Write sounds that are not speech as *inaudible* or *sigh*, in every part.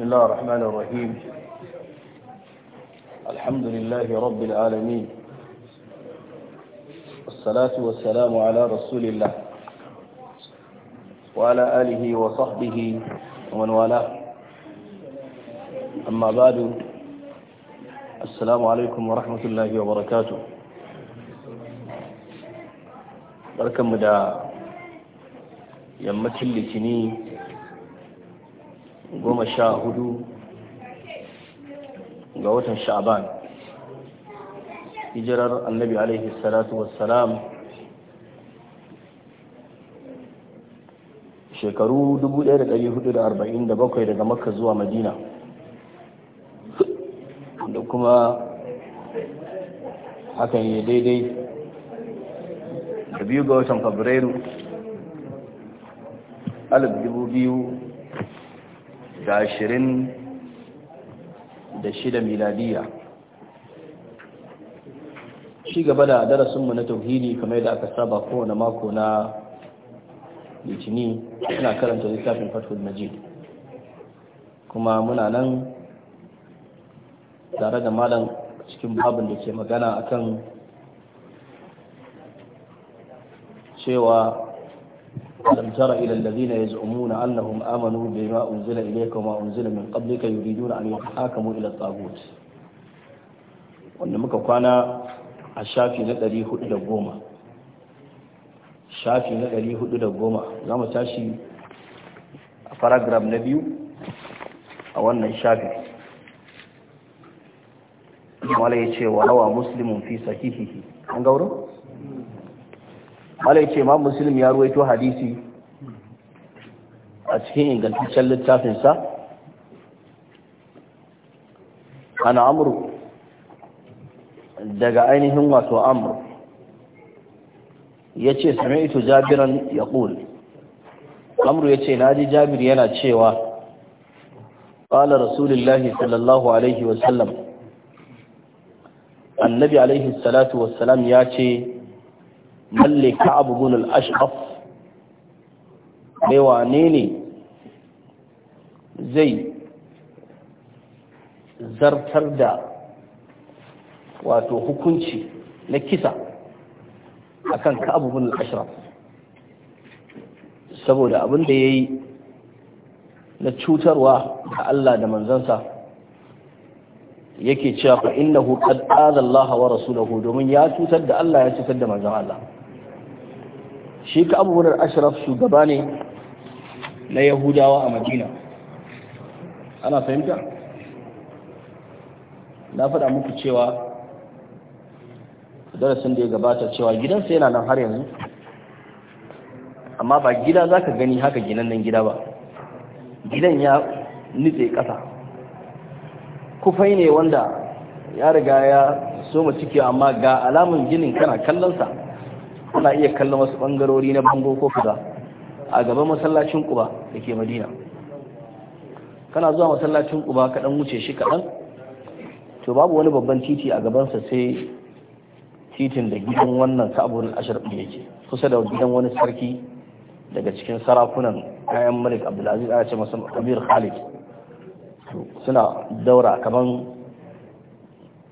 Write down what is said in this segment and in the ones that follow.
بسم الله الرحمن الرحيم الحمد لله رب العالمين والصلاة والسلام على رسول الله وعلى آله وصحبه ومن والاه أما بعد السلام عليكم ورحمة الله وبركاته بركم دا يمتل لتنين goma sha hudu ga watan sha'ban hijirar annabi alaihi salatu wassalam shekaru 1447 daga makka zuwa madina da kuma hakan ya daidai da biyu ga watan fabrairu alif dubu biyu da ashirin da shida miladiya shi gaba da darasinmu na tauhidi kamar da aka saba kowane mako na litini suna karanta littafin fatul majid kuma muna nan tare da malam cikin babin da ke magana akan cewa ألم تر إلى الذين يزعمون أنهم آمنوا بما أنزل إليك وما أنزل من قبلك يريدون أن يتحاكموا إلى الطاغوت وإنما كان الشافي نتري هدى قوما شافي نتري هدى قوما زعما تاشي فراغرام نبيو أولا الشافي ولا يشي وروى مسلم في صحيحه أنقوله malai ce ma Musulmi ya ruwaito hadisi a cikin ingantaccen littafinsa ana amuru daga ainihin wato amur ya ce sami'tu jabiran ya ƙul amur ya ce naji jabir yana cewa ƙala rasulullahi sallallahu alaihi wasallam annabi alaihi salatu wasallam ya ce malle ka'ab ibn al-ashqaf mai wane ne zai zartar da wato hukunci na kisa akan ka'ab ibn al-ashraf saboda abin da yayi na cutarwa ga Allah da manzansa yake cewa fa innahu qad adha Allah wa rasulahu domin ya cutar da Allah ya cutar da manzon Allah shi ka abubuwar ashraf shugaba ne na yahudawa a madina ana fahimta na faɗa muku cewa darasin da ya gabata cewa gidansa yana nan har yanzu amma ba gida za ka gani haka ginan nan gida ba gidan ya nitse ƙasa kufai ne wanda ya riga ya soma ciki amma ga alamun ginin kana kallonsa kuna iya kallon wasu bangarori na bango ko fuga a gaban masallacin kuba da ke madina kana zuwa masallacin kuba kaɗan wuce shi kaɗan to babu wani babban titi a gabansa sai titin da gidan wannan sa'abul ashar ɗin yake kusa da gidan wani sarki daga cikin sarakunan kayan malik abdulaziz ana ce masa kabir khalid suna daura kaman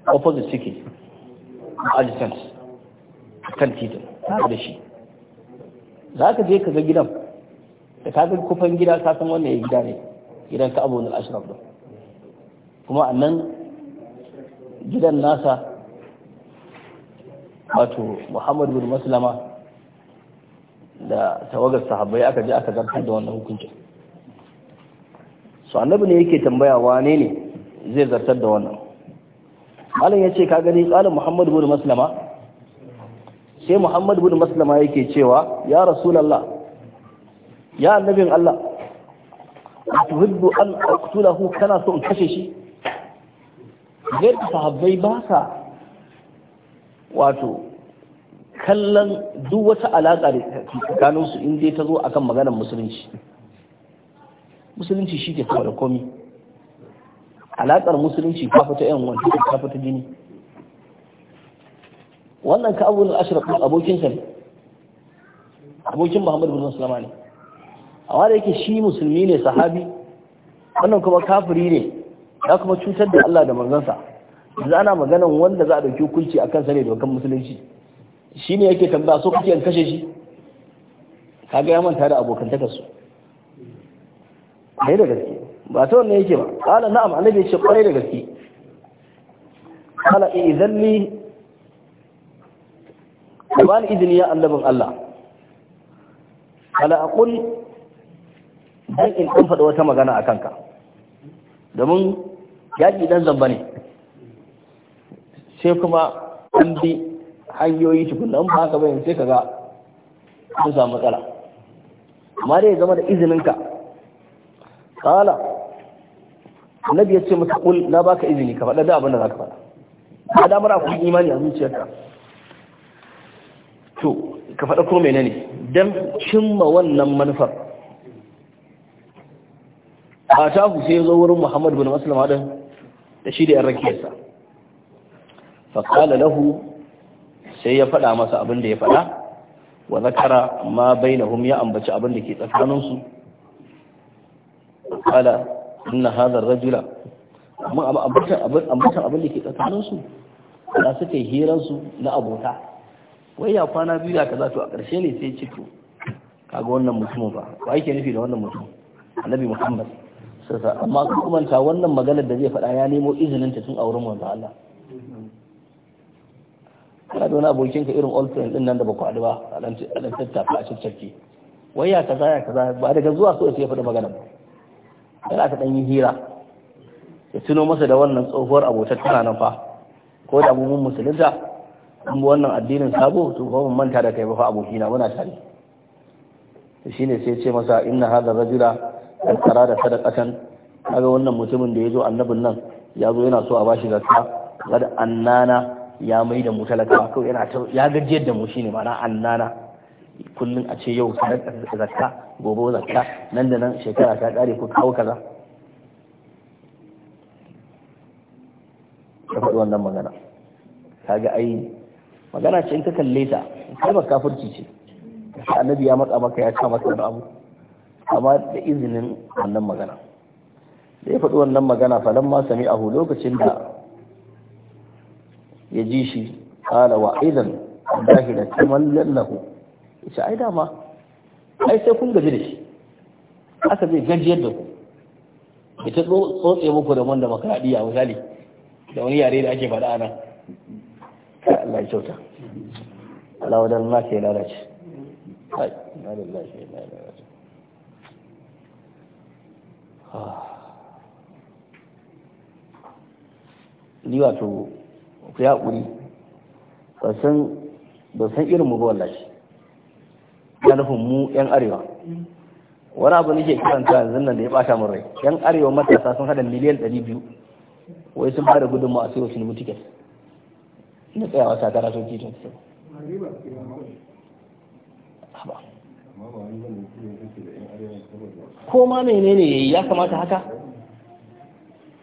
opposite suke adjacent kan titin da shi za ka je ka ga gidan da ka ga kufan gida ka san wannan ya gida ne gidan ka abu ashraf din kuma a nan gidan nasa wato Muhammadu bin maslama da tawagar sahabbai aka je aka zartar da wannan hukuncin su annabi ne yake tambaya wane ne zai zartar da wannan malam ya ce ka gani tsarin Muhammadu bin maslama sai muhammad bin maslama yake cewa ya rasulallah ya annabin allah a tuhibbu an aqtulahu kana so in kashe shi zai sahabbai ba sa wato kallon duk wata alaƙa da tsakanin su in dai ta zo akan maganar musulunci musulunci shi ke da komi alaƙar musulunci kafa ta yan wanda kafa ta jini wannan ka abu ashraf abokin sa ne abokin Muhammadu bin sallama ne amma da yake shi musulmi ne sahabi wannan kuma kafiri ne ya kuma cutar da Allah da manzansa yanzu ana maganan wanda za a dauki hukunci a kansa ne dokan musulunci Shi ne yake tambaya so kake kashe shi Ka ya manta da abokantakar su yi da gaske ba ta wannan yake ba ƙala na'am annabi ce ƙwarai da gaske kala idan li ka ba ni izini ya annabin Allah ala aqul dan in kan faɗa wata magana a kanka domin yaƙi dan zamba ne sai kuma an bi hanyoyi tukunna ba haka bayan sai kaga an samu matsala amma dai zama da izininka kala annabi ya ce masa kul na baka izini ka faɗa da abin da za ka faɗa a damar akwai imani a zuciyarka to ka faɗa ko mai ne don cimma wannan manufar a ta sai ya zo wurin Muhammadu bin maslama din da shi da yan rakiyarsa faƙala lahu sai ya faɗa masa abin da ya faɗa wa zakara ma bainahum ya ambaci abin da ke tsakaninsu qala inna hadha ar-rajula amma ambatan abin da ke tsakaninsu da suke hiransu na abota wai ya kwana biyu ya kaza to a ƙarshe ne sai ciko kaga wannan mutumin ba ba ake nufi da wannan mutum annabi muhammad sassa amma kuma kumanta wannan maganar da zai faɗa ya nemo izinin ta tun a wurin Allah kana da wani abokin ka irin old friend din nan da ba ku ba a dan tattafa a cikin wai ya kaza ya kaza ba daga zuwa so sai ya faɗi maganar ba dan ta ɗan yi hira ya tuno masa da wannan tsohuwar abotar tana nan fa ko da abubuwan musulunta an wannan addinin sabo to ba mun manta da kai ba fa abokina muna tare shine sai ce masa inna hadha rajula alqara da sadaqatan kaga wannan mutumin da yazo annabin nan yazo yana so a bashi zakka kada annana ya mai da mu talaka kawai yana ya gajiyar da mu shine ma'ana annana kullun a ce yau zakka gobe zakka nan da nan shekara ta kare ko kawo kaza ka faɗi wannan magana kaga ai magana ce in ka kalle ta kalmar kafirci ce annabi ya matsa maka ya kama maka abu amma da izinin wannan magana da ya faɗi wannan magana falan ma sami ahu lokacin da ya ji shi kala wa idan da tamallan lallahu yace ai dama ai sai kun gaji da shi aka zai gajiyar da ku ita tsotse muku da wanda makaɗi a misali da wani yare da ake faɗa ana Allah ya kyauta Allah wadan ma ke lalace Ai, na da lafiya da lalace ni wato ku ya ƙuri, ba san ba san irin mu ba wallahi Ya nufin mu yan arewa wani abu nake kiranta yanzu nan da ya ɓata min rai yan arewa matasa sun haɗa miliyan biyu. wai sun fara gudunmu a sayo nemi tiket. ina tsayawa takara sau titin su ko ma menene yayi ya kamata haka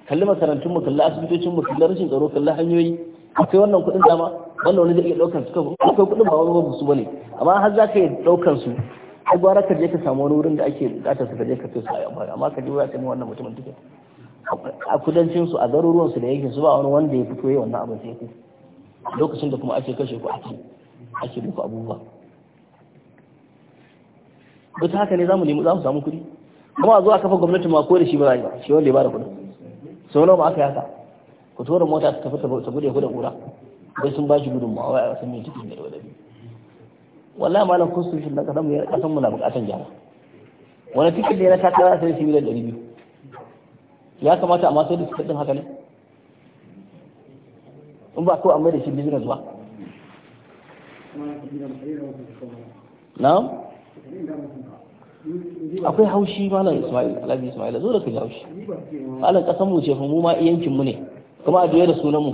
kalli makarantun mu kalli asibitocin mu kalli rashin tsaro kalli hanyoyi akwai wannan kuɗin dama wannan wani zai iya ɗaukar su kawai akwai kuɗin ba wani ba su bane amma har za ka yi ɗaukar su ai gwara ka je ka samu wani wurin da ake bukatar su ka je ka fi su a yamma amma ka je ya kai wannan mutumin duka a kudancin su a garuruwan su da yake su ba wani wanda ya fito yi wannan abin sai ku lokacin da kuma ake kashe ku ake ake muku abubuwa duk haka ne zamu nemi zamu samu kuɗi kuma a zo a kafa gwamnati ma ko da shi ba zai ba shi wanda ya bada kuɗin sau nawa aka yaka ku tura mota ta tafi ta bude ku da ƙura bai sun ba shi ma wai a san me cikin da wadabi wallahi malam shi na kasan mu kasan mu na bukatan gyara wani tikin ne na takara sai shi miliyan ɗari biyu ya kamata amma sai da su haka ne in ba a amma da shi business ba na'am akwai haushi malam Ismail Alhaji Ismail zo da ka haushi malam kasan mu ce mu ma iyancin mu ne kuma a da sunan mu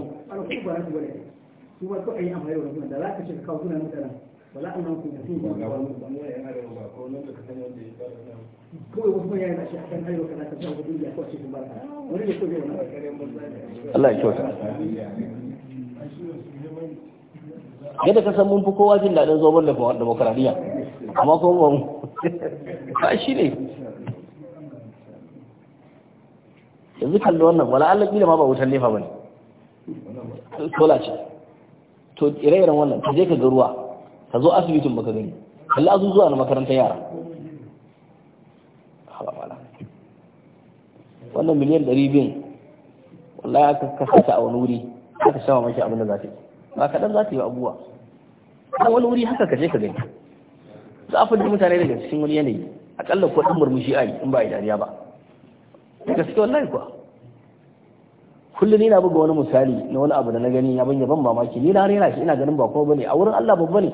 Allah ya kyauta yadda ka san mun fi kowa jin daɗin zoben da demokradiyya amma kuma ba mu ba shi ne yanzu da wannan wala Allah kila ma ba wutar nefa ba ne sola ce to ire-iren wannan ka je ka ga ruwa ka zo asibitin baka gani kalli azuzuwa na makarantar yara wannan miliyan ɗari biyun wallahi aka kasa ta a wani wuri aka shama mashi abin da za ta yi ba kaɗan za ta yi abubuwa a wani wuri haka ka je ka gani za a fadi mutane daga cikin wani yanayi akalla ko ɗan murmushi a yi in ba a yi dariya ba daga cikin wallahi kuwa kullum ni na buga wani misali na wani abu da na gani abin ya ban mamaki ni na rera shi ina ganin ba kowa bane a wurin Allah babba ne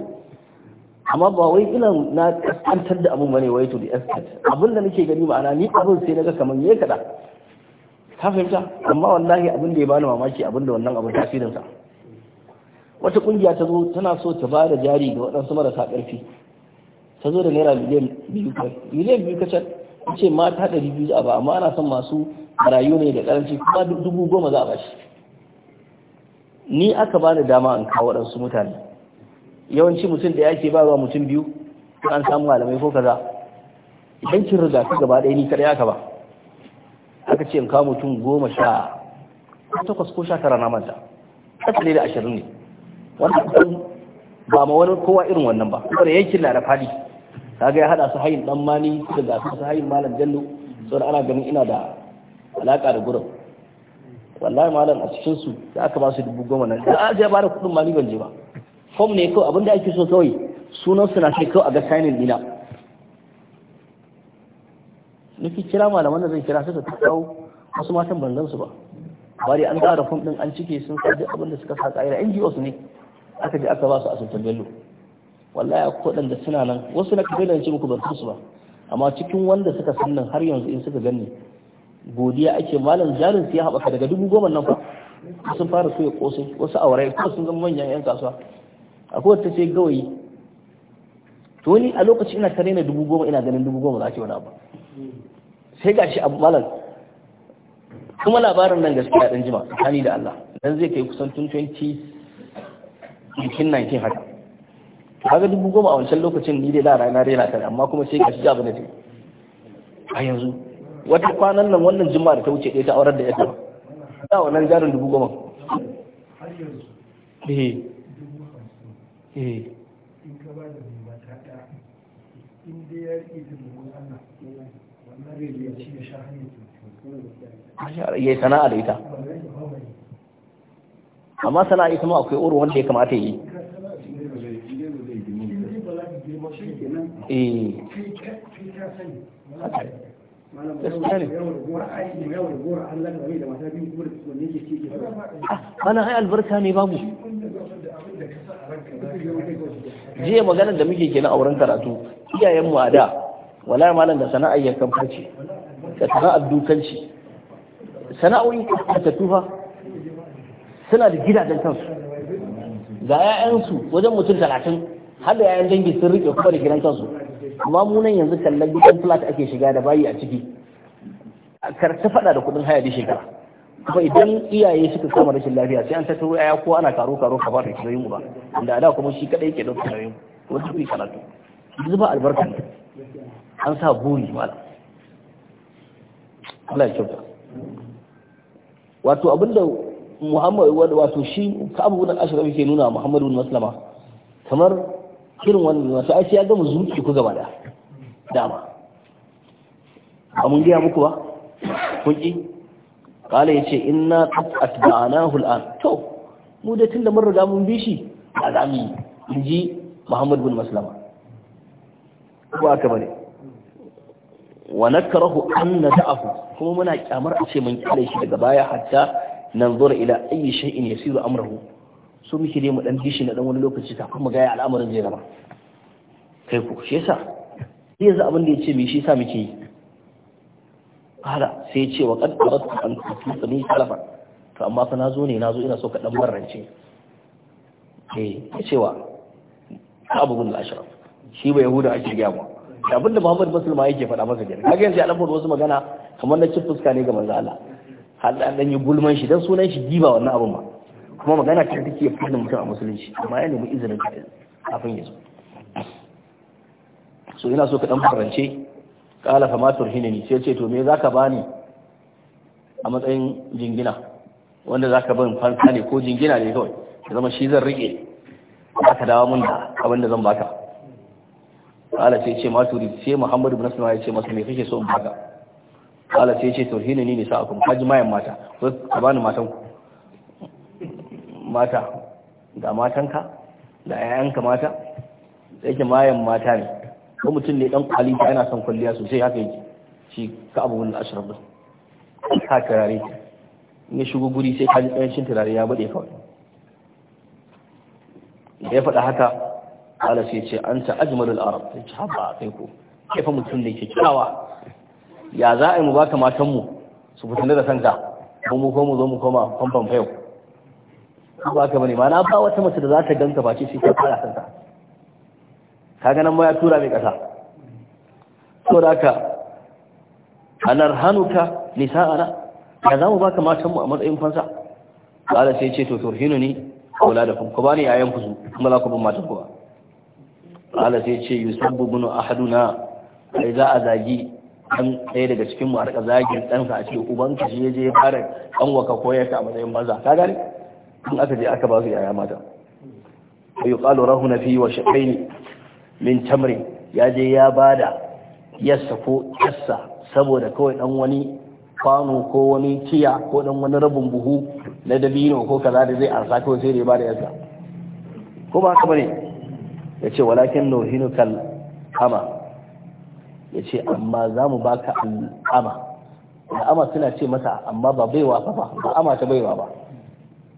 amma ba wai ina na kantar da abun bane wai to the extent abin da nake gani ma'ana ni abin sai naga kaman yayi kada ka fahimta amma wallahi abin da ya bani mamaki abin da wannan abu tasirin sa wata kungiya ta zo tana so ta ba da jari ga waɗansu marasa ƙarfi ta zo da naira miliyan biyu kai miliyan biyu kacal ta ce mata ɗari biyu a ba amma ana son masu rayu ne da ƙaranci kuma dubu goma za a bashi ni aka ba da dama in kawo waɗansu mutane yawanci mutum da yake ba wa mutum biyu ko an samu malamai ko kaza idan kin riga ka gaba ɗaya ni kaɗai aka ba aka ce in kawo mutum goma sha takwas ko sha tara na manta ƙasa ne da ashirin ne wannan dan ba ma wani kowa irin wannan ba saboda yankin na da fadi kaga ya hada su hayin dan mani da gasu su hayin malam jallo saboda ana ganin ina da alaka da gurin wallahi malam a cikin su da aka ba su dubu goma nan da aje ba da kudin mali ban je ba form ne kawai abinda ake so kawai sunan su na sai kawai a ga signing dina nake kira malaman da zan kira ta kawo wasu matan ban su ba bari an tsara fom din an cike sun sa duk abin da suka sa ƙa'ida NGOs ne aka ji aka ba su asusun bello wallahi akwai da suna nan wasu na kabe da ce muku ban su ba amma cikin wanda suka san nan har yanzu in suka ganni godiya ake malam jarin su ya haɓaka daga dubu goma nan fa sun fara ya kosai wasu aure kuma sun zama manyan yan kasuwa akwai wata ce gawayi to ni a lokaci ina ta na dubu goma ina ganin dubu goma za ke wani abu sai shi abu malam kuma labarin nan gaskiya dan jima tsakani da Allah dan zai kai kusan tun 20 nikin 19 haka kaga dubu goma a wancan lokacin ni dai lara rana rena ta amma kuma sai gashi abu na ce a yanzu wata kwanan nan wannan juma'a da ta wuce ɗaya ta aurar da yadda ta wannan jarin dubu goma eh eh ya sana'a da ita amma sana'a ita ma akwai uru wanda ya kamata yi eh. ah, ana hai albarka ne babu jiya maganar da muke kenan a wurin karatu iyayenmu a da wala malam da sana'ar yankan da sana'ar dukanci sana'o'i ta tufa suna da gidajen kansu ga 'ya'yansu wajen mutum talatin har da 'ya'yan dangi sun riƙe kuma da gidan kansu amma munan yanzu kallon gidan flat ake shiga da bayi a ciki karta faɗa da kuɗin haya da shekara kuma idan iyaye suka kama rashin lafiya sai an tattaro yaya ko ana karo karo ka da kiyoyin ba da da kuma shi kaɗai yake ɗaukar kiyoyin kuma su karatu yanzu ba albarka ne an sa buri malam Allah ya kyauta wato abinda muhammad wato shi ka'abu bin ashraf yake nuna muhammad bin maslama kamar irin wannan wato ai ya gama zuci ku gaba da dama a mun gaya muku ba kun ki kala yace inna qad atba'nahu al'an to mu da tunda mun riga mun bi shi a zami inji muhammad bin maslama ko aka bane wa nakrahu an nad'ahu kuma muna kyamar a ce mun kyale shi daga baya hatta nanzur ila ayi shay'in yasiru amrahu so muke dai mu dan dishi na dan wani lokaci kafin mu ga al'amarin zai gaba kai ku shi yasa yasa abin da yace me shi yasa muke yi fara sai ya ce wa qad aradtu an tusani salafa to amma fa nazo ne nazo ina so ka dan barrance eh cewa abu gun al-ashraf shi ba yahuda ake ga mu abinda Muhammad Musulma yake faɗa masa kenan kaga yanzu ya dan faɗa wasu magana kamar na cikin fuska ne ga manzo Allah hal an yi gulman shi dan sunan shi giba wannan abun ba kuma magana ta take fadin mutum a musulunci amma ya nemi izinin ka kafin ya zo so ina so ka dan farance kala fa ma ni sai ce to me zaka bani a matsayin jingina wanda zaka ban farka ne ko jingina ne kawai ya zama shi zan rike aka dawo mun da abin da zan baka kala sai ce ma turi sai Muhammadu ibn sulaiman ya ce masa me kake so in baka ala sai ce turhinu ni nisa akum haji mayan mata ko ka bani matan ku mata ga matanka da ƴaƴanka mata sai mayan mata ne ko mutum ne dan kwali ta yana son kwalliya sosai haka yake shi ka abu wani ashrabu ka turare in ya shigo guri sai ka ji shin tarare ya bude kawai da ya faɗa haka ala sai ce an ta ajmalul arab ta haba kai ko kai fa mutum ne kyakkyawa ya za a yi mu ba ka matanmu su fitini da sanka mun mu mu zo mu koma famfan fayo ko ba ka bane ma na ba wata mace da za ta ganka ba ce shi ta fara sanka ka ga nan ma ya tura mai kasa to da ka anarhanuka nisa'ana ya za mu ba ka matanmu a matsayin fansa Allah sai ce to da ni auladakum ku bani yayan ku kuma za ku bin matan ku ba Allah sai ce yusabbu bunu ahaduna ai za a zagi An ɗaya daga cikin mu zagin ɗansa a ce uban ka shi je fara ɗan waka koyar ka a matsayin maza ka gani, in aka je aka ba su yaya mata ƙalo rahu na fiye wa shaqaini min tamri ya je ya ba da yassa ko yassa saboda kawai ɗan wani kwano ko wani ciya ko dan wani rabin buhu na dabino ko kaza da zai arsa kawai sai da ya bada yassa ko ba haka ne. ya ce walakin nuhinukal kama. ya ce amma za mu baka al'ama al'ama suna ce masa amma ba baiwa ba ba al'ama ta baiwa ba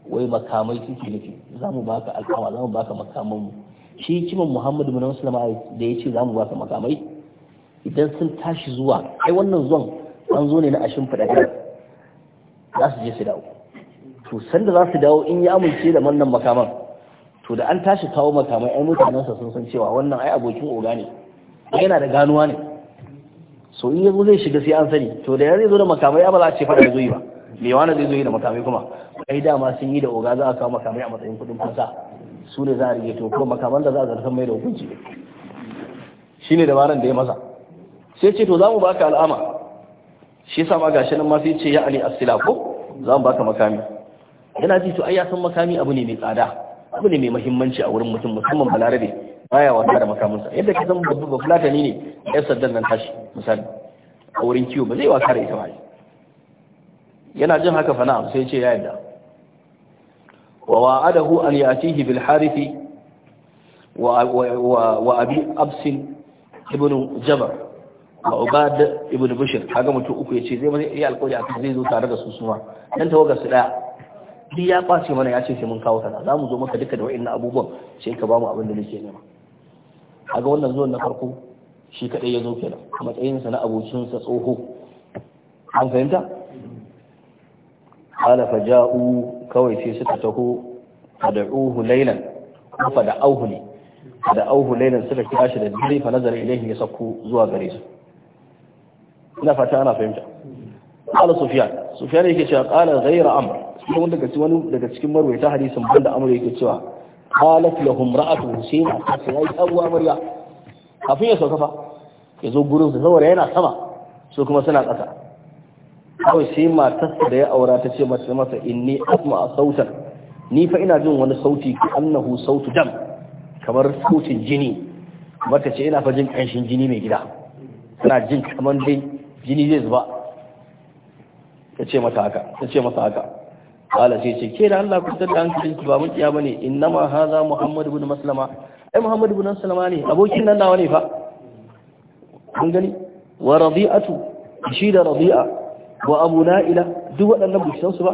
wai makamai suke nufi za mu baka al'ama za mu baka makaman mu shi kiman muhammadu bin musulama da ya ce za mu baka makamai idan sun tashi zuwa ai wannan zuwan an zo ne na ashin fadaɗe za su je su dawo to sanda za su dawo in ya amince da wannan makaman to da an tashi kawo makamai ai mutanensa sun san cewa wannan ai abokin oga ne yana da ganuwa ne so in yanzu zai shiga sai an sani to da ya zai zo da makamai ba za a ce fada da zoyi ba me wani zai zoyi da makamai kuma ai dama sun yi da oga za a kawo makamai a matsayin kudin fasa su ne za a rige to kuma makaman da za a zartar mai da hukunci Shi ne da dabaran da ya maza. sai ce to za mu baka al'ama shi sa ma gashi nan ma sai ce ya ali as ko za mu baka makami yana ji to ai ya san makami abu ne mai tsada abu ne mai mahimmanci a wurin mutum musamman balarabe baya wasa da makamunsa yadda ka zama babu fulatani ne yar saddan nan tashi misali a wurin kiwo ba zai wasa da ita ba yana jin haka fa na'am sai ce ya yadda wa wa'adahu an ya'tihi bil harifi wa wa abi absin ibn Jaba wa ubad ibn bushr kaga mutum uku yace zai mai alƙawari akan zai zo tare da su suma dan tawaga su daya duk ya kwace mana ya ce sai mun kawo kaza za mu zo maka duka da na abubuwan sai ka ba mu abin da nake nema kaga wannan zuwan na farko shi kadai ya zo nan a matsayinsa na abokinsa tsoho an fahimta qala ja'u kawai sai suka taho lailan kafa da auhu ne auhu lailan suka kira shi da dare fa nazar ilaihi ya sakku zuwa gare su ina fata ana fahimta qala sufyan sufyan yake cewa qala ghayra amr sai daga wani daga cikin marwayata hadisin banda amur yake cewa qalat lahum ra'atu sai ma sai yayi abu amarya kafin ya sauka fa ya zo gurin sa saboda yana sama so kuma suna ƙasa kawai sai matarsa da ya aura ta ce mata masa inni asma sautan ni fa ina jin wani sauti annahu sautu dam kamar sautin jini mata ce ina fa jin ƙanshin jini mai gida tana jin kamar dai jini zai zuba ta ce mata haka ta ce masa haka qala sai ce ke da Allah ku tada hankalin ki ba makiya bane innama haza muhammad ibn maslama ai muhammad ibn maslama ne abokin nan nawa ne fa kun gani wa rabi'atu shi da rabi'a wa abu na'ila duk waɗannan bishan su ba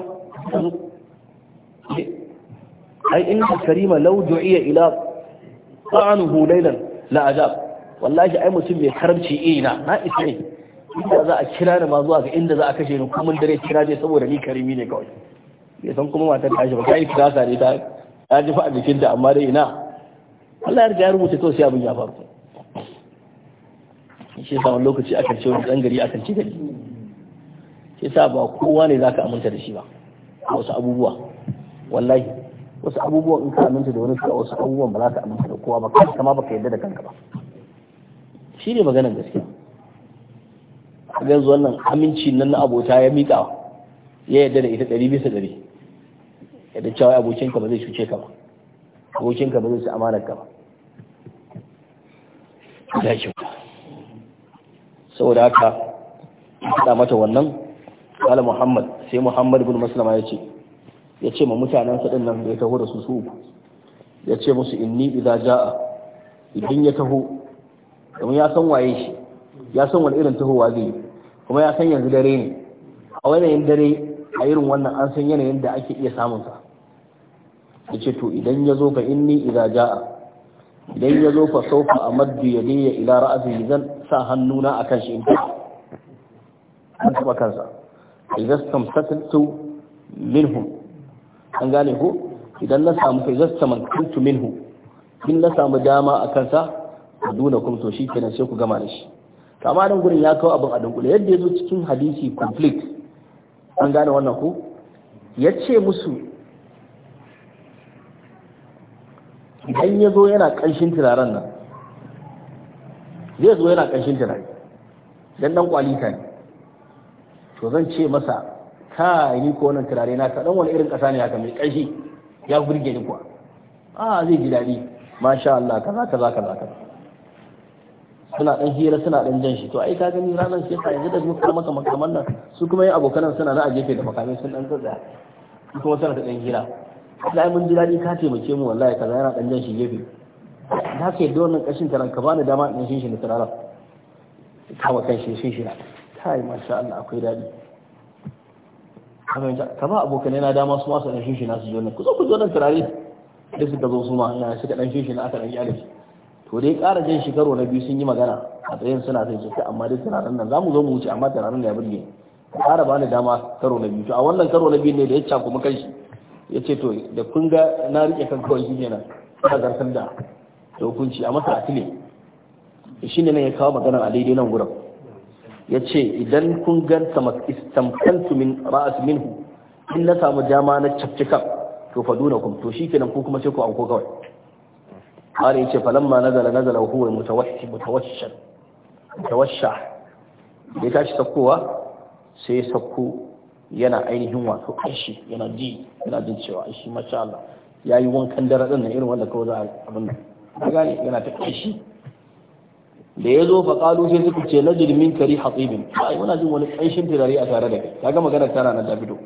ai inna karima law du'iya ila ta'anuhu laylan la ajab wallahi ai mutum mai karamci ina na isa ne inda za a kira ni ma zuwa ga inda za a kashe ni kuma dare kira ne saboda ni karimi ne kawai ya san kuma matar ta shi ba ta yi firasa ne ta ta ji fa a jikinta amma dai ina Allah ya riga ya rubuta kawai sai abin ya faru shi yasa wani lokaci akan ce wani dan gari akan ci gari shi yasa ba kowa ne zaka aminta da shi ba wasu abubuwa wallahi wasu abubuwan in ka aminta da wani wasu abubuwan ba za ka aminta da kowa ba kanka ma baka yadda da kanka ba shi ne maganar gaskiya yanzu wannan aminci nan na abota ya miƙa ya yadda da ita ɗari bisa ɗari yadda cewa abokinka ba zai cuce ka ba abokinka ba zai su amanar ka ba da kyauta saboda haka da mata wannan kala muhammad sai muhammad bin maslama ya ce ya ce ma mutanen sa nan da ya taho da su su uku ya ce musu inni idza jaa idan ya taho domin ya san waye shi ya san wani irin tahowa zai yi kuma ya san yanzu dare ne a yanayin dare a irin wannan an san yanayin da ake iya samun sa yace to idan ya zo fa inni idza jaa idan ya zo fa ya ne ya ila ra'sihi zan sa hannuna akan shi in ta an taba kansa idza stamsaktu minhu an gane ko idan na samu fa idza stamsaktu minhu in na samu dama akan sa kuma to shikenan sai ku gama da shi amma nan gurin ya kawo abin a dunkule yadda ya zo cikin hadisi complete an gane wannan ko ya ce musu idan ya zo yana ƙanshin turaren nan zai zo yana ƙanshin turare don ɗan kwalita ne to zan ce masa ka ni ko wannan turare na ka ɗan wani irin ƙasa ne haka mai ƙanshi ya burge ni kuwa a zai ji daɗi masha Allah kaza kaza kaza kaza suna dan hira suna dan jan shi to ai ka gani ranar shi ka yanzu da kuma maka makaman nan su kuma yin abokanan suna na a gefe da makamai sun ɗan dan su kuma suna ta dan hira Allah mun ji daɗi ka taimake mu wallahi kaza yana ɗan jan shi gefe da ka yadda wannan ƙashin taran ka bani dama in shin shi da turaren kama kan shi shi shi yi masha Allah akwai daɗi ka ba ne na dama su masu ɗan shin shi na su jonin ku zo ku jonin turare da suka zo su ma yana suka ɗan shin shi na aka ɗan gyara shi to dai ƙara jan shi karo na biyu sun yi magana a tsayin suna sai shi amma dai turaren nan za mu zo mu wuce amma turaren da ya burge ƙara bani dama karo na biyu to a wannan karo na biyu ne da ya cakumu kan shi ya ce to da kun ga na riƙe kan kawai shi na ina zartar da da hukunci a masa atile shi ne nan ya kawo maganar a daidai nan gurin ya ce idan kun ga istamkantu min ra'as minhu in na samu dama na cafcikan to fa duna kum to shi ke nan ko kuma sai ku auko kawai har yace ma nazala nazala huwa mutawashshi mutawashshan mutawashsha bai tashi sakkowa sai sakko yana ainihin wato aishi yana ji yana jin cewa aishi masha Allah ya yi wankan dare ɗin nan irin wanda kawai za a abin nan ka gane yana ta aishi da ya zo faƙalu sai suka ce na jirmin kari hatsibin ai muna jin wani ƙanshin turare a tare da kai ga maganar tara na dabido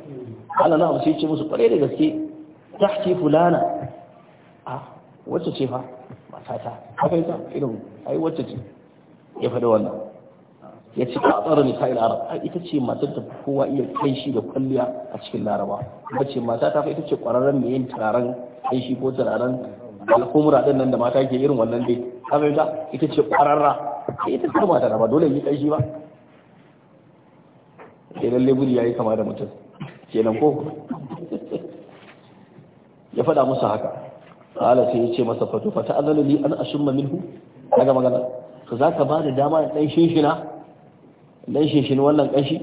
Allah na amsa ce musu kware da gaske tahti fulana a ah, wacce ce fa matata haka ita irin ai wacce ce ya faɗi wannan ya ce a tsara ni fa'il arab ai ita ce matar ta kowa iya shi da kwalliya a cikin laraba ce mata ta fa ita ce ƙwararren mai yin turaren shi ko turaren al'umura ɗin nan da mata ke irin wannan dai ka fahimta ita ce kwararra sai ita ce mata ba dole yi shi ba Idan lalle ya yi kama da mutum kenan ko ya faɗa musu haka ala sai ya ce masa fato fata azalani an ashimma minhu daga magana to zaka ba da dama dan shinshina dan shi wannan kashi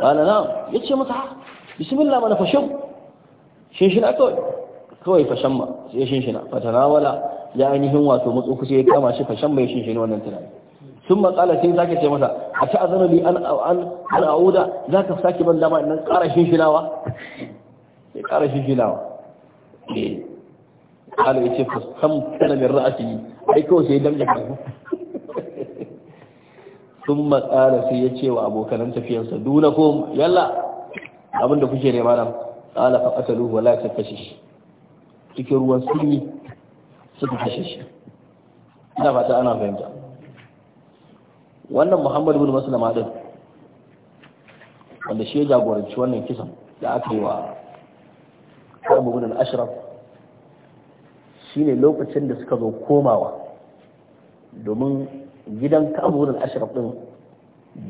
qala na'am yace mata bismillah mana fashau shinshin kawai kawai fashan ma sai shinshina fatanawala ya ainihin wato matso kusa ya kama shi fashan mai shinshina wannan tunani sun matsala sai zaka ce masa a ta azana bi an an an auda zaka saki ban dama nan ƙara shinshinawa sai ƙara shinshinawa eh قال يتفس كم كان من رأسه أي كوسي دم جكره sun matsala sai ya ce wa abokanan tafiyarsa duna ko yalla abinda kuke nema nan ala fa qataluhu wala ta kashe shi cikin ruwan sunyi suka kashe shi ina fata ana fahimta wannan Muhammadu bin maslama din wanda shi ya jagoranci wannan kisan da aka yi wa Abu bin al shi ne lokacin da suka zo komawa domin gidan kaburin ashraf din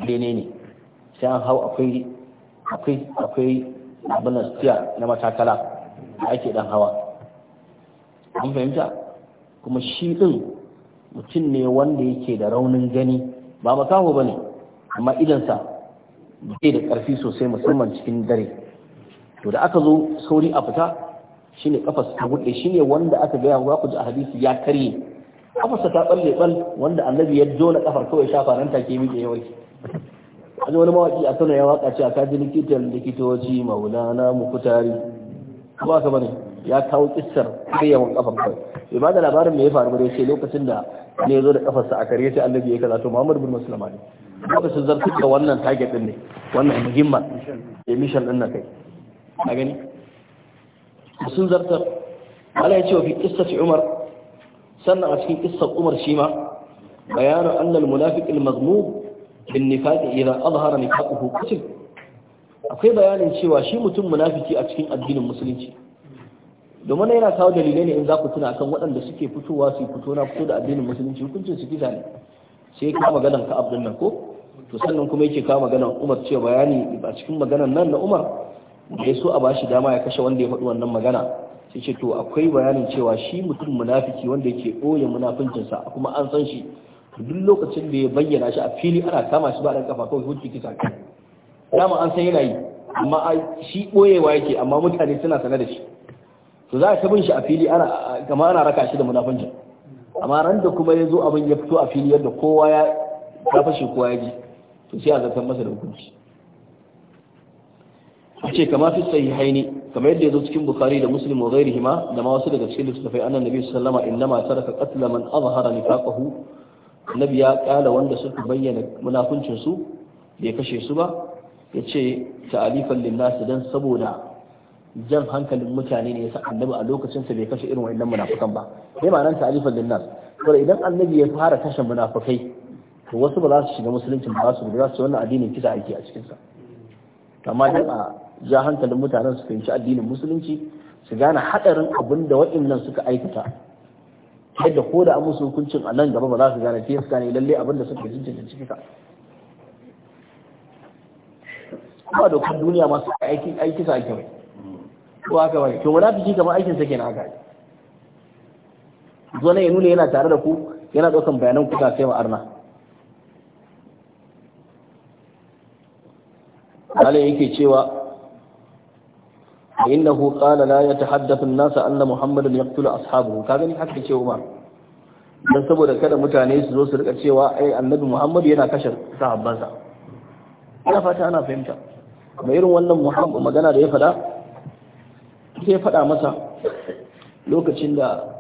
bene ne sai an hau akwai akwai akwai abin stiya na matakala da ake dan hawa an fahimta kuma shi din mutum ne wanda yake da raunin gani ba makaho ba ne amma idansa bai da ƙarfi sosai musamman cikin dare to da aka zo sauri a fita shine kafas ta buɗe shine wanda aka gaya wa ku ji a hadisi ya karye kafarsa ta tsalle tsal wanda annabi ya jona kafar kawai shafa nan take miƙe yawai wani wani mawaki a kano ya waka ce a ji likitan likitoci maulana mukutari ba ka bane ya kawo kissar yawan kafar kawai bai ba da labarin me ya faru bare sai lokacin da ne zo da kafarsa a kare sai annabi ya kaza to Muhammadu bin musulma ne lokacin zartar da wannan target din ne wannan muhimman ya eh, mission din na kai a gani sun zartar Allah ya ce wa fi kissati Umar sannan a cikin kissar umar shi ma bayanu annal munafiqil mazmum bin nifaqi idza azhara nifaquhu kutil akwai bayanin cewa shi mutum munafiki a cikin addinin musulunci domin yana kawo dalilai ne in za ku tuna akan waɗanda suke fitowa su fito na fito da addinin musulunci hukuncin su kisa ne sai ka magana ka Abdul nan ko to sannan kuma yake kawo magana umar cewa bayani a cikin maganan nan na umar da ya so a bashi dama ya kashe wanda ya faɗi wannan magana sai ce to akwai bayanin cewa shi mutum munafiki wanda yake ɓoye munafincinsa kuma an san shi duk lokacin da ya bayyana shi a fili ana kama shi ba dan kafa kawai hujji kisa kai dama an san yana yi amma shi ɓoyewa yake amma mutane suna sanar da shi to za a ta shi a fili ana kamar ana raka shi da munafincin amma ran da kuma ya zo abin ya fito a fili yadda kowa ya fashe kowa ya ji to sai a zartar masa da hukunci a ce kama fi sahihaini kamar yadda yazo cikin bukhari da muslim wa ma da ma wasu daga cikin littafai annan nabi sallama innama taraka qatla man azhara nifaqahu nabi ya kala wanda suka bayyana munafuncin su bai kashe su ba yace ta'alifan linnas dan saboda jan hankalin mutane ne yasa annabi a lokacin sa bai kashe irin wayannan munafukan ba sai ma'anar ta'alifan linnas kuma idan annabi ya fara kashe munafukai to wasu ba za su shiga musuluncin ba su ba za su wannan addinin kisa ake a cikin sa amma dan ja hankalin mutanen su fahimci addinin musulunci su gane hadarin abin da waɗannan suka aikata yadda ko da an musu hukuncin a nan gaba ba za su gane sai su gane lalle abin da suka jinjin da Kuma ba dokar duniya masu aiki aiki sa ake ko haka bane to fiki kamar aikin sa kenan haka zo ya nuna yana tare da ku yana daukan bayanan ku sai wa arna Allah yake cewa innahu qala la yatahaddathu an-nas anna muhammadan yaqtulu ashabahu ka gani haka ce Umar dan saboda kada mutane su zo su rika cewa ai annabi Muhammad yana kashe sahabbansa ina fata ana fahimta mai irin wannan Muhammad magana da ya fada sai fada masa lokacin da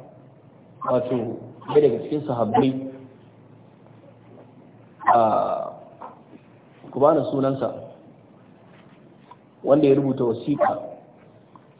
wato bai daga cikin sahabbai a ku sunansa wanda ya rubuta wasiƙa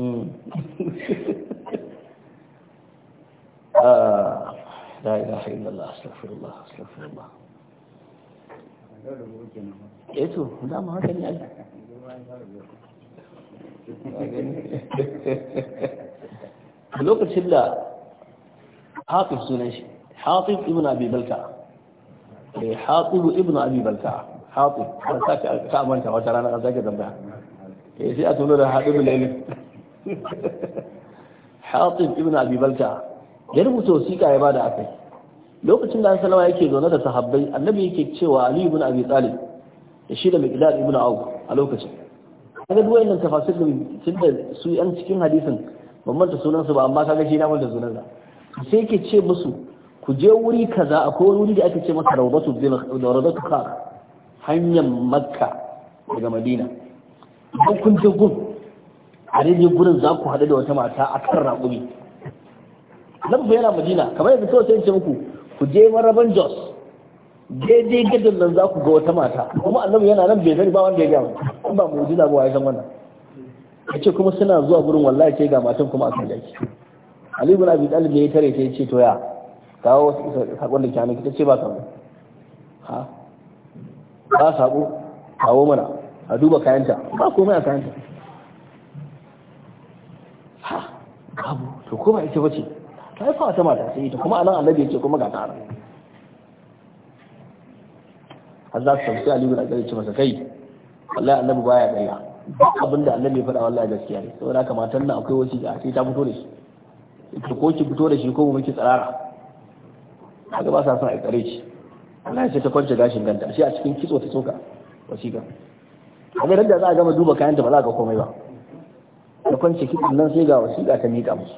*laughs* آه. لا إله إلا الله أستغفر الله أستغفر الله إيتو لا ما هذا يعني بلوك الشلة حاطب سنش حاطب ابن أبي بلكعة إيه، حاطب ابن أبي بلكعة حاطب أنا ساكت كأمان كأمان أنا غزاك ذنبها إيه سيأتون له حاطب الليل hatib ibn abi balta ya rubuta wasiƙa ya bada akai lokacin da sallama yake zaune da sahabbai annabi yake cewa ali ibn abi talib da shi da miqdad ibn auf a lokacin kaga duk nan tafasir din tunda su yan cikin hadisin ban manta sunan su ba amma kaga shi na manta sunan sa sai yake ce musu ku je wuri kaza akwai wuri da ake ce masa rawdatu bin rawdatu hanyar makka daga madina idan kun je gun a daidai gurin za ku haɗu da wata mata a kan raƙumi nan fa yana madina kamar yadda kawai sai ce muku ku je maraban jos daidai gadon nan za ku ga wata mata kuma annabi yana nan bai sani ba wanda ya gaya in ba mu'jiza ba ya san wannan ce kuma suna zuwa gurin wallahi ce ga matan kuma a kan jaki ali ibn abi talib ne ya tare ta ce to ya kawo sakon da ke hannu ta ce ba sabo ha ba sabo kawo mana a duba kayanta ba komai a kayanta ha babu to ko ba ita bace ta yi wata mata sai ita kuma anan annabi yace kuma ga tara har za su tamsi aliyu na gari ce masa kai wallahi annabi baya ƙarya duk abin da annabi ya faɗa wallahi gaskiya ne saboda haka matan nan akwai wasu da sai ta fito da shi ita ko ki fito da shi ko mu ki tsirara haka ba sa son a ƙare shi Allah ya ce ta kwance gashin ganta shi a cikin kitso ta soka wasiƙa a ga da za a gama duba kayan ta ba za ka komai ba da kwance kitan nan sai ga wasiƙa ta miƙa musu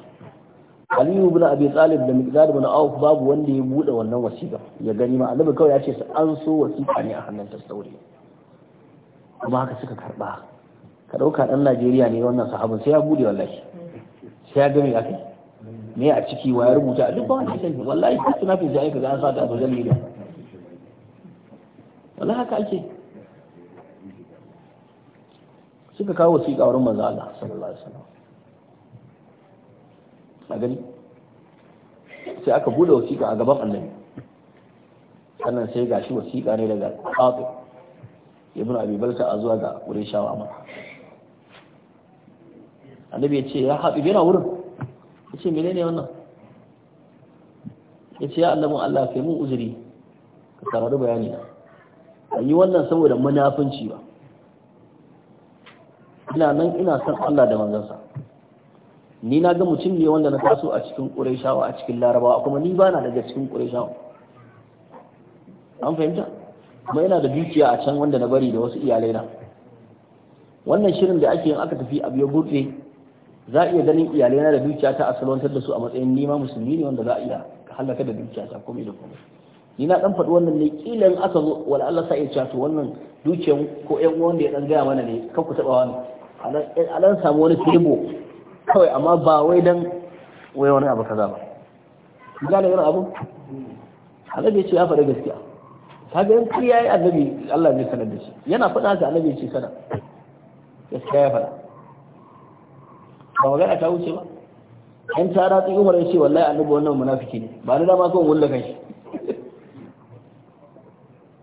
aliyu bin abi talib da miqdad bin auf babu wanda ya bude wannan wasiƙa ya gani ma annabi kawai ya ce su an so wasiƙa ne a hannun ta sauri. kuma haka suka karba ka dauka dan Najeriya ne wannan sahabin sai ya bude wallahi sai ya gani akai me a ciki wa ya rubuta duk ba wani sani. wallahi sai na fi sai ka ga an sa ta a social wallahi haka ake suka kawo wasiƙa wurin manzo Allah sallallahu alaihi wasallam a gani sai aka bude wasiƙa a gaban annabi sannan sai gashi wasiƙa ne daga Qatib ibn Abi Balta a zuwa ga Qurayshawa amma annabi ya ce ya haɗu yana wurin ya ce menene wannan ya ce ya annabin Allah kai mun uzuri ka karatu bayani na yi wannan saboda munafunci ba ina nan ina san Allah da manzansa ni na ga mutum ne wanda na taso a cikin ƙurayshawa a cikin larabawa kuma ni bana daga cikin ƙurayshawa an fahimta kuma ina da dukiya a can wanda na bari da wasu iyalai na wannan shirin da ake yin aka tafi abu ya gurɗe za a iya ganin iyalai na da dukiya ta asalantar da su a matsayin nima musulmi ne wanda za a iya halaka da dukiya ta komai da komai ni na dan faɗi wannan ne kila in aka zo wala Allah sa ya cato to wannan dukiyan ko ƴan uwan da ya dan gaya mana ne kan ku taɓa wani a dan samu wani febo kawai amma ba wai don wai wani abu kaza ba gane irin abu annabi ce ya faɗa gaskiya Ta ga in kariya yi annabi Allah zai sanar da shi yana faɗa haka annabi ce sana gaskiya ya faɗa ba magana ta wuce ba Yan ta ratsi umar ya ce wallahi annabi wannan munafiki ne ba ni dama kawai wulla kai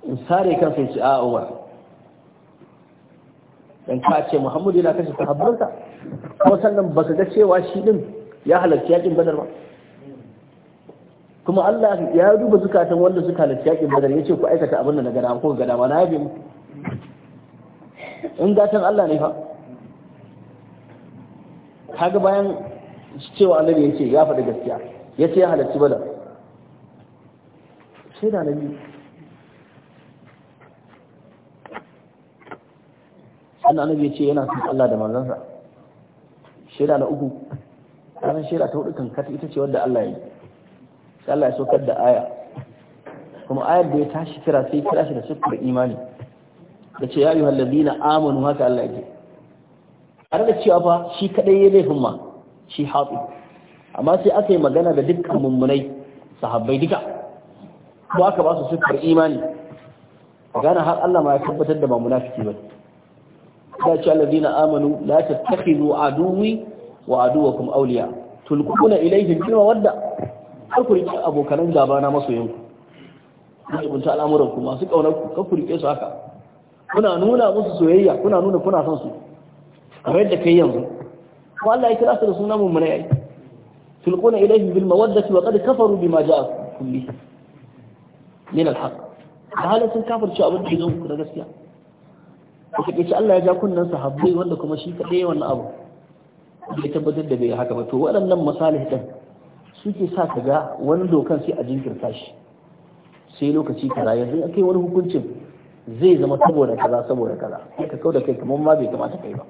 in sare kansa ya ce a'a umar dan ka ce Muhammadu yana kashe sahabbansa ko sannan ba su ga cewa shi din ya halarci yakin badar ba kuma Allah ya duba zukatan wanda suka halarci yakin badar ya ce ku aikata abin da na gada ko gada ma na yabe mu in gatan Allah ne fa kaga bayan cewa ne ya ce ya faɗi gaskiya ya ce ya halarci badar sai da annabi annabi ya ce yana son Allah da manzansa shaida na uku ranar shaida ta hudu kankata ita ce wadda Allah ya yi sai Allah ya saukar da aya kuma ayar da ya tashi kira sai kira shi da sukar imani da ce ya yi hallabi na amonu haka Allah ya ke har da cewa fa shi kadai ya laifin ma shi hatsi amma sai aka yi magana da dukkan mummunai sahabbai duka ko aka ba su sukar imani gana har Allah ma ya tabbatar da ba munafiki ba ya ce allazina amanu la tattakhidhu aduwwi wa aduwakum awliya tulquna ilayhim bima wadda har ku rike abokan gaba na masoyan ku ne bunta al'amuran ku masu kaunar ku kar ku rike su haka kuna nuna musu soyayya kuna nuna kuna son su kamar da kai yanzu ko Allah ya kira su da sunan mummuna yayi tulquna ilayhim bil mawaddati wa qad kafaru bima ja'a kulli min al haq halin sun kafirce abin da ya zo ku da gaskiya a takaice Allah ya ja kunnen sahabbai wanda kuma shi kaɗai wannan abu ya tabbatar da bai haka ba to waɗannan misalih ɗin suke sa ka ga wani dokan sai a jinkirta shi sai lokaci kaza yanzu akai wani hukuncin zai zama saboda kaza saboda kaza sai ka kauda kai kamar ma bai kamata kai ba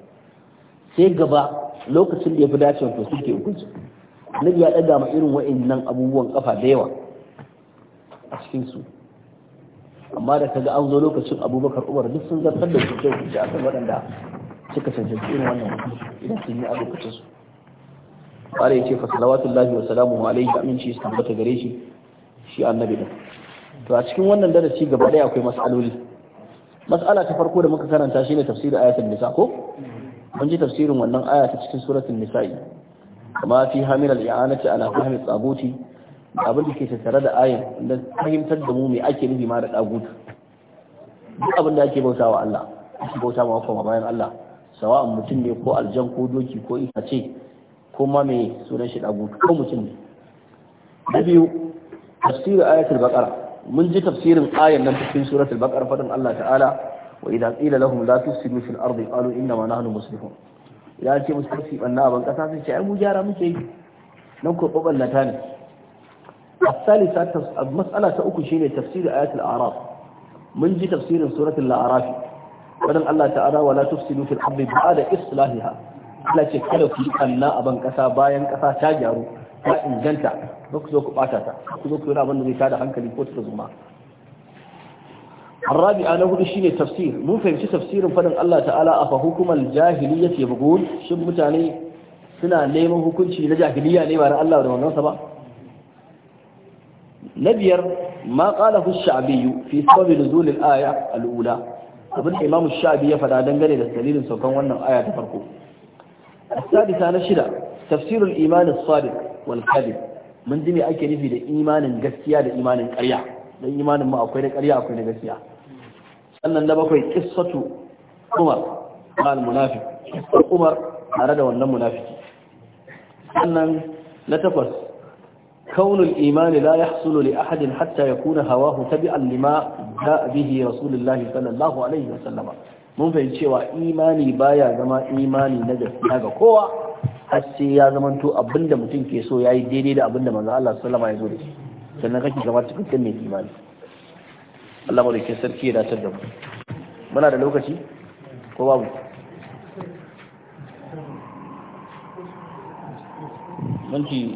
sai gaba lokacin da ya fi dace to suke hukunci annabi ya ɗaga ma irin wa'annan abubuwan kafa da yawa a cikin su amma da kaga an zo lokacin abubakar umar duk sun zartar da su kyau da akan waɗanda suka cancanci irin wannan idan sun yi a lokacin su ƙware ya ce fa salawatullahi wa salamu alaihi aminci su tabbata gare shi shi annabi din to a cikin wannan darasi gaba ɗaya akwai mas'aloli mas'ala ta farko da muka karanta shine tafsirin ayatul nisa ko mun ji tafsirin wannan aya ta cikin suratul nisa'i kama fi hamil al-i'anati ala fahmi tsaguti abin da ke tattare da ayin da fahimtar da mu me ake nufi ma da dagutu duk abin da ake bauta wa Allah ake bauta ma kuma bayan Allah sawa'an mutum ne ko aljan ko doki ko ce, ko ma me sunan shi dagutu ko mutum ne na biyu tafsirin ayatul baqara mun ji tafsirin ayan nan cikin suratul baqara fadin Allah ta'ala wa idza qila lahum la tufsidu fil ardi qalu inna ma nahnu muslihun Ya ce musu tafsirin banna ban kasa sai ce ai mu gyara muke nan ko baballata ne الثالثة مسألة أكو شيء تفسير آيات الأعراف من جي تفسير سورة الأعراف بدل الله تعالى ولا تفسدوا في الحب بعد إصلاحها لا تكلوا في أن أبن كسا باين كسا تاجروا ta inganta ba ku zo ku bata ta ku zo ku yi abin da zai tada hankali ko ta zuma الرابعة له شيء تفسير مو فهم شيء تفسير فدن الله تعالى أفهكم الجاهلية يبغون شو متعني سنا نيمو هكون شيء لجاهلية نيمو على الله ودون نصبا نبير ما قاله الشعبي في سبب نزول الآية الأولى أبن إمام الشعبي ula abin إلى السليل sha'bi وأنه آية dangane da السادسة نشرة تفسير الإيمان الصادق والكذب من دمي أكي نفي دا إيمان قسيا دا إيمان قريع دا إيمان ما أكوين قريع أكوين قسيا سألنا النبقوي قصة عمر مع المنافق قصة عمر أرد وأن منافق سألنا نتفس كون الإيمان لا يحصل لأحد حتى يكون هواه تبعا لما جاء به رسول الله صلى الله عليه وسلم mun fahimci cewa imani baya zama imani na gaskiya ga kowa har ya zamanto abinda mutum ke so yayi daidai da abinda manzo Allah sallama ya zo da shi sannan kake zama cikakken mai imani Allah mu dake sarki ya dace da mu muna da lokaci ko babu minti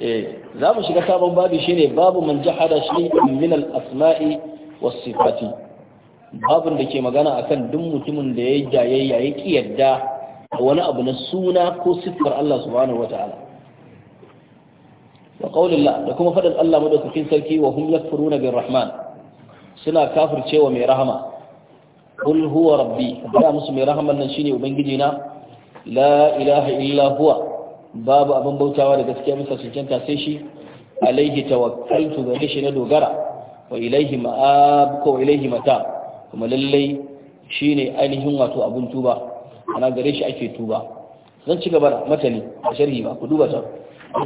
Eh, za mu shiga sabon babi shine babu man jahada shi min al-asma'i was sifati babun da ke magana akan duk mutumin da ya jayayya ya ki yadda wani abu na suna ko siffar Allah subhanahu wata'ala wa qaulillah da kuma faɗin Allah madaukakin sarki wa hum yakfuruna bir rahman suna kafircewa mai rahama qul huwa rabbi da musu mai rahaman nan shine ubangiji na la ilaha illa huwa babu abin bautawa da gaskiya bisa cancanta sai shi alaihi tawakkaltu gare shi na dogara wa ilaihi ma'ab ko ilaihi mata kuma lallai shine ainihin wato abun tuba ana gare shi ake tuba zan ci gaba da matani a sharhi ba ku duba ta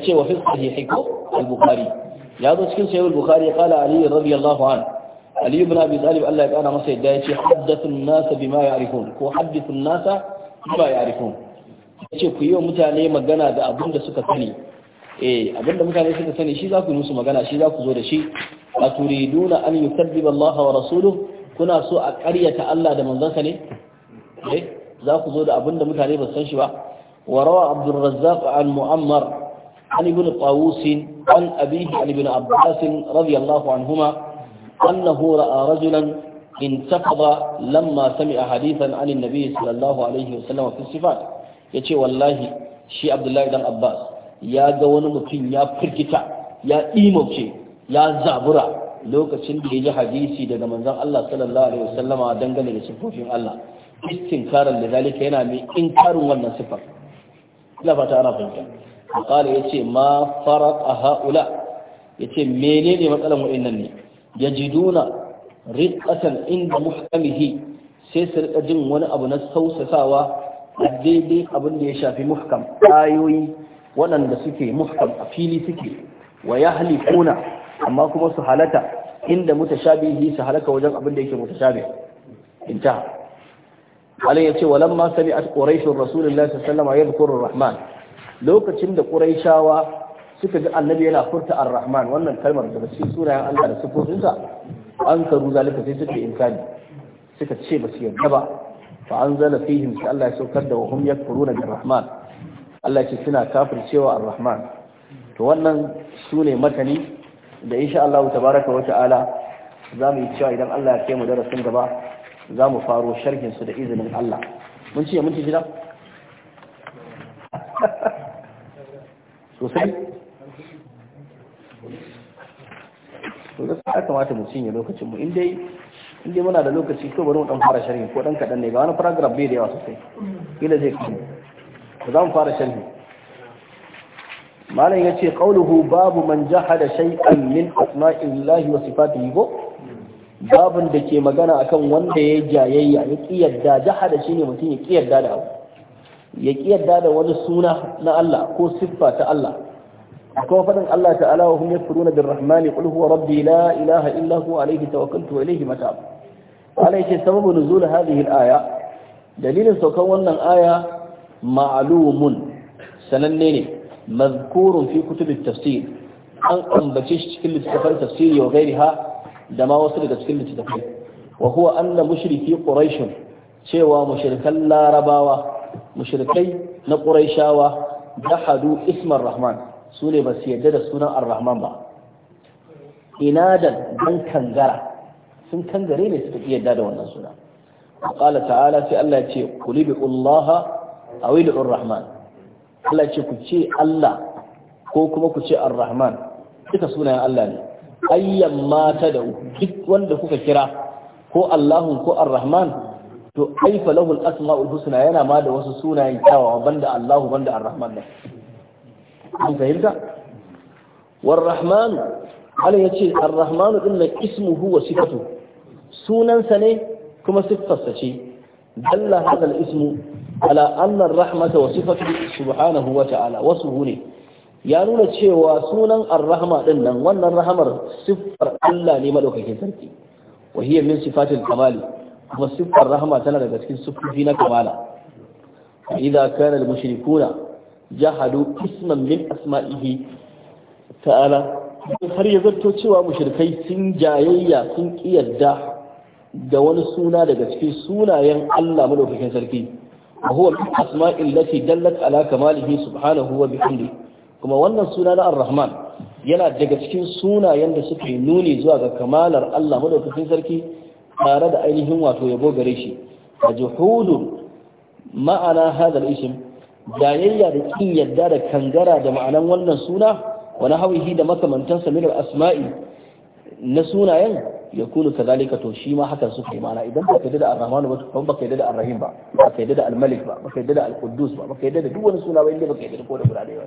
ce wa fi sahihi ko al-bukhari ya zo cikin sahih al-bukhari ya kala ali radiyallahu an ali ibn abi talib Allah ya kana masa yadda ya ce haddathu an-nas bima ya'rifun ko haddathu an-nas bima ya'rifun yace ku yi wa mutane magana da abin da suka sani eh abin da mutane suka sani shi za ku musu magana shi za ku zo da shi a turiduna an yukaddiba Allah wa rasuluhu kuna so a ƙaryata Allah da manzansa ne eh za ku zo da abin da mutane ba san shi ba wa rawa Abdul Razzaq an Muammar an ibn Qawus an abihi an ibn Abbas radiyallahu anhuma annahu ra'a rajulan intaqada lamma sami'a hadithan an an-nabi sallallahu alaihi wasallam fi sifat ya ce wallahi shi abdullahi dan abbas ya ga wani mutum ya firgita ya ɗimauce ya zabura lokacin da ya ji hadisi daga manzon Allah sallallahu alaihi wasallama dangane da sifofin Allah istinkarar da zalika yana mai inkarin wannan sifar ina fata ana fahimta ya yace ma farqa haula yace menene matsalan wa'annan ne yajiduna riqatan inda muhkamihi sai su rika jin wani abu na sausasawa daidai abin da ya shafi muhkam ayoyi waɗanda suke muhkam a fili suke wa ya halifuna amma kuma su halata inda mutashabihi su halaka wajen abin da yake ya ce alai yace walamma sami'at quraishur rasulullahi sallallahu yadda wasallam rahman lokacin da quraishawa suka ga annabi yana furta ar-rahman wannan kalmar da cikin sunayen Allah da sifofinsa an karu zalika sai suka inkari suka ce ba su yarda ba fa anzala fihim sai Allah ya saukar da wahum yakfuruna bir rahman Allah ce suna kafircewa ar-rahman to wannan sune matani da insha Allah tabaraka wa ta'ala zamu yi cewa idan Allah ya kai mu darasin gaba zamu faro sharhin su da izinin Allah mun ce mun ci gida sosai to da kamata mu cinye lokacin mu in dai inda muna da lokaci ko bari mu dan fara sharhi ko dan kadan ne ba wani paragraph bai da yawa sosai kila zai kuma ba za mu fara sharhi malam yace qauluhu babu man jahada shay'an min asma'illahi wa sifatihi ko babun da ke magana akan wanda ya jayayya ya ki yadda jahada shine mutum ya ki da ya ki da wani suna na Allah ko siffa ta Allah akwai faɗin Allah ta'ala wa hum yakfuruna birrahmani qul huwa rabbi la ilaha illa huwa alayhi tawakkaltu wa ilayhi mata'ab Allah yake sababu nuzul hadhihi al-aya dalilin saukan wannan aya ma'lumun sananne ne mazkurun fi kutub tafsir an ambace shi cikin littattafan tafsiri wa gairiha da ma wasu daga cikin littattafai wa huwa anna mushriki quraish cewa mushrikan larabawa mushrikai na quraishawa dahadu ismar rahman su ne ba su yadda da sunan ar-rahman ba inadan dan kangara sun kangare ne suka iya da wannan suna qala ta'ala sai Allah ya ce qulibi ullaha aw idur rahman Allah ya ce ku ce Allah ko kuma ku ce ar-rahman duka sunayen Allah ne ayyan mata da duk wanda kuka kira ko Allahun ko ar-rahman to aifa lahu al-asma'ul husna yana ma da wasu sunayen kyawawa banda Allahu banda ar-rahman ne an fahimta war-rahman Allah ya ce ar-rahman din ismuhu wa sifatuhu sunansa ne kuma siffarsa ce dalla hada ismu ala anna rahmata wa sifatu subhanahu wa ta'ala wasu hune. ya nuna cewa sunan ar-rahma din nan wannan rahmar siffar Allah ne madaukakin sarki wa hiya min sifatil kamali kuma siffar rahma tana daga cikin siffofi na kamala idza kana al-mushrikuna jahadu isman min asma'ihi ta'ala har ya zarto cewa mushrikai sun jayayya sun kiyarda da wani suna daga cikin sunayen Allah madaukakin sarki wa huwa min asma'il lati dallat ala kamalihi subhanahu wa bihamdi kuma wannan suna na ar-rahman yana daga cikin sunayen da suke nuni zuwa ga kamalar Allah madaukakin sarki tare da ainihin wato yabo gare shi a juhudu ma'ana hadal ism dayayya da kin yadda da kangara da ma'anan wannan suna wa nahwihi da makamantansa min al-asma'i na sunayen ya kulu kadhalika to shi ma hakan suka yi mana idan baka yadda da ar-rahman ba baka yadda da ar ba baka yadda da al-malik ba baka yadda da al-quddus ba baka yadda da duk wani suna ba inda baka yadda da ko da guda ɗaya ba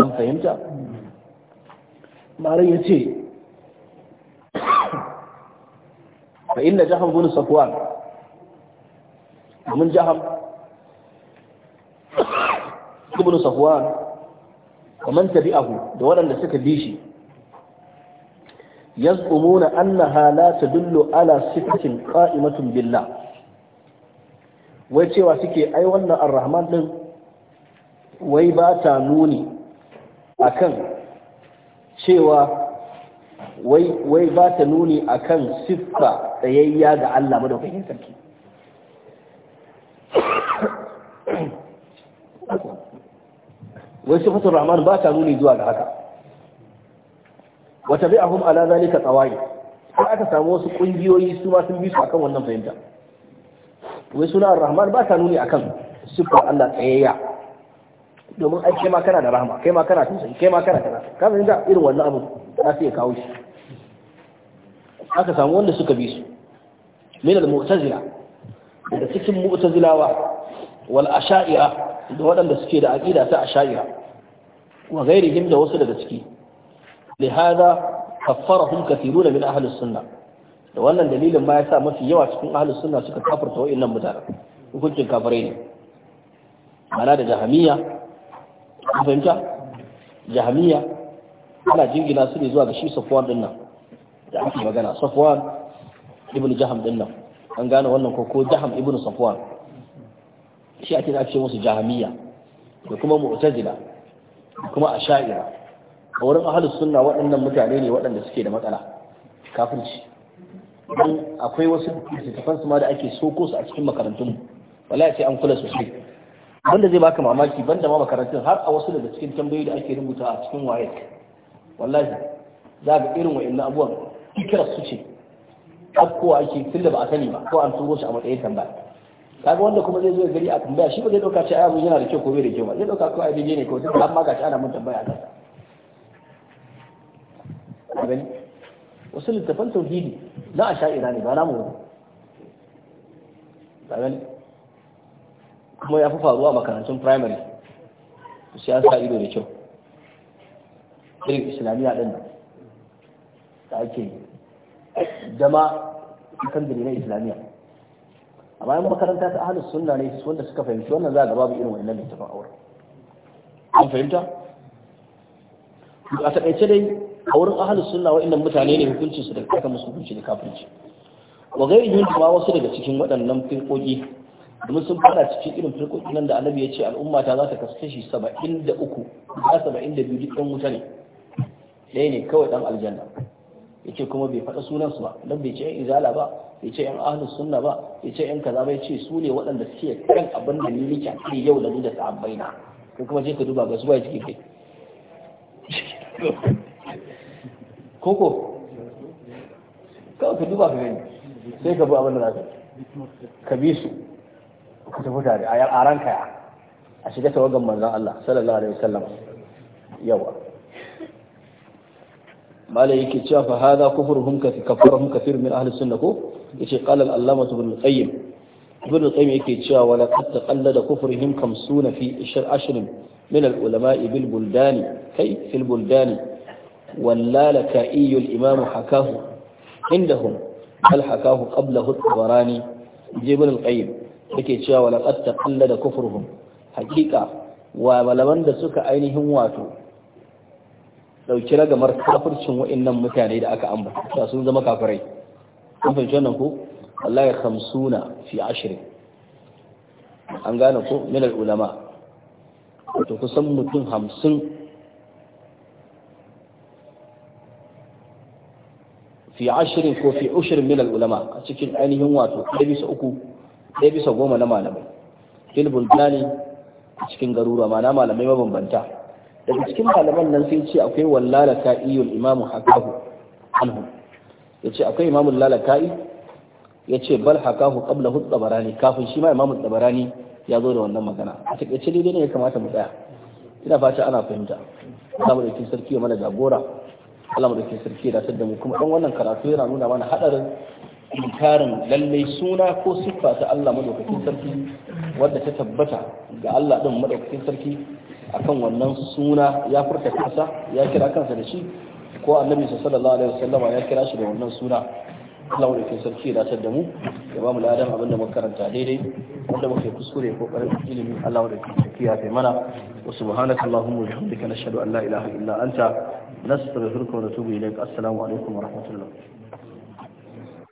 an fahimta malam yace fa inna jaham bin safwan mun jaham ibn safwan kamar abu da waɗanda suka bi shi yazumuna annaha ta tadullu ala sifatin qa'imatin billah wai cewa suke ai wannan arrahman ɗin? wai ba ta nuni akan cewa wai ba ta nuni siffa tsayayya ga Allah madaukakin sarki wai sifatul rahman ba ta nuni zuwa ga haka a tabi'ahum ala zalika tsawai har aka samu wasu kungiyoyi su ma sun bi su akan wannan fahimta wai suna rahman ba ta nuni akan sifar Allah tsayayya domin ai kai ma kana da rahama kai ma kana tausayi kai ma kana kaza ka fahimta irin wannan abu za su iya kawo shi aka samu wanda suka bi su min al-mu'tazila daga cikin mu'tazilawa wal asha'ira da waɗanda suke da aƙida ta asha'ira wa gairihim da wasu daga ciki lihada kaffarahum kathirun min ahli sunna da wannan dalilin ma yasa mafi yawa cikin ahli sunna suka kafirta wa'annan mutane hukuncin kafirai ne mana da jahamiya kun fahimta jahamiya ana jingina su ne zuwa ga shi safwan da ake magana safwan ibnu jaham din an gane wannan ko ko jaham shi ake da ake musu jahamiya da kuma mu'tazila kuma a sha'ira a wurin ahalus sunna waɗannan mutane ne waɗanda suke da matsala kafirci don akwai wasu littattafan su ma da ake soko su a cikin makarantun wallahi sai an kula sosai wanda zai baka mamaki banda ma makarantun har a wasu daga cikin tambayoyi da ake rubuta a cikin waye wallahi za ga irin wa'annan abubuwan ikirar su ce akkowa ake tunda ba a sani ba ko an turo shi a matsayin tambaya kaga wanda kuma zai zo ya gari a tambaya shi ba zai dauka ce ai abu yana da kyau ko bai da kyau ba zai dauka ko ai daidai ne ko duk har ma gashi ana mun tambaya kansa a gani wasu littafan tauhidi na a sha'ira ne ba mu wani ba gani kuma ya fi faruwa makarantun primary su ya sa ido da kyau irin islamiyya din nan da ake yi dama kan dalilan islamiyya amma bayan makaranta ta ahlus sunna ne wanda suka fahimci wannan za ga babu irin wannan littafin aure an fahimta a taƙaice dai a wurin ahlus sunna wa'annan mutane ne hukunci su da kaka musu hukunci da kafirci wa gairi kuma wasu daga cikin waɗannan firkoki domin sun fara cikin irin firkoki nan da annabi ya ce al'umma ta za ta kaskashi saba'in da uku da saba'in da biyu duk ɗan wuta ne ɗaya ne kawai ɗan aljanna ya ce kuma bai faɗa sunansu ba don bai ce yan izala ba bai ce yan ahlus sunna ba bai ce yan kaza bai ce su ne waɗanda suke kan abin da ni nake kai yau da ni da sahabbai na ko kuma je ka duba ga zuwa ba kai koko kawai ka duba ka gani sai ka bi abin da za ka ka bi su ka tafi tare a ran kaya a shiga tawagan manzon Allah sallallahu alaihi wasallam yawa malai yake cewa fa hada kufruhum ka kafarhum kafir min ahli sunnah ko yace qala al-allama ibn qayyim ibn qayyim yake cewa wala qad taqallada kufrihim 50 fi 20 min al-ulama bil buldani kai fil buldani واللالكائي الإمام حكاه عندهم بل حكاه قبله الطبراني جبن القيم yake cewa walaqad taqallada kufruhum hakika wa malaman da suka ainihin wato dauki ragamar kafircin wa'annan mutane da aka ambata sun zama kafirai kun fahimci wannan ko wallahi khamsuna fi ashirin an gane ko min ulama wato kusan mutum hamsin fi ashirin ko fi ushirin min ulama a cikin ainihin wato ɗaya bisa uku ɗaya bisa goma na malamai fil bulgani a cikin garuruwa ma na malamai mabambanta daga cikin malaman nan sai ce akwai wallala ka'iyul imamu hakahu anhu yace akwai imamul lalaka'i yace bal kabla qabla hu tabarani kafin shi ma imamul tabarani ya zo da wannan magana a takaice dai ne ya kamata mu tsaya ina fata ana fahimta Allah mu sarki ya mana jagora Allah da sarki ya dace da mu kuma dan wannan karatu yana nuna mana hadarin inkarin lallai suna ko siffa ta Allah madaukakin sarki wadda ta tabbata ga Allah din madaukakin sarki akan wannan suna ya furta kansa ya kira kansa da shi ko annabi sallallahu alaihi wasallam ya kira shi da wannan suna Allah da ke sarki da da mu ya ba mu ladan abin da muka karanta daidai wanda muke kuskure ko karin ilimi Allah da ke sarki ya kai mana wa subhanaka allahumma wa bihamdika nashhadu an la ilaha illa anta nastaghfiruka wa natubu ilaik assalamu alaikum wa rahmatullah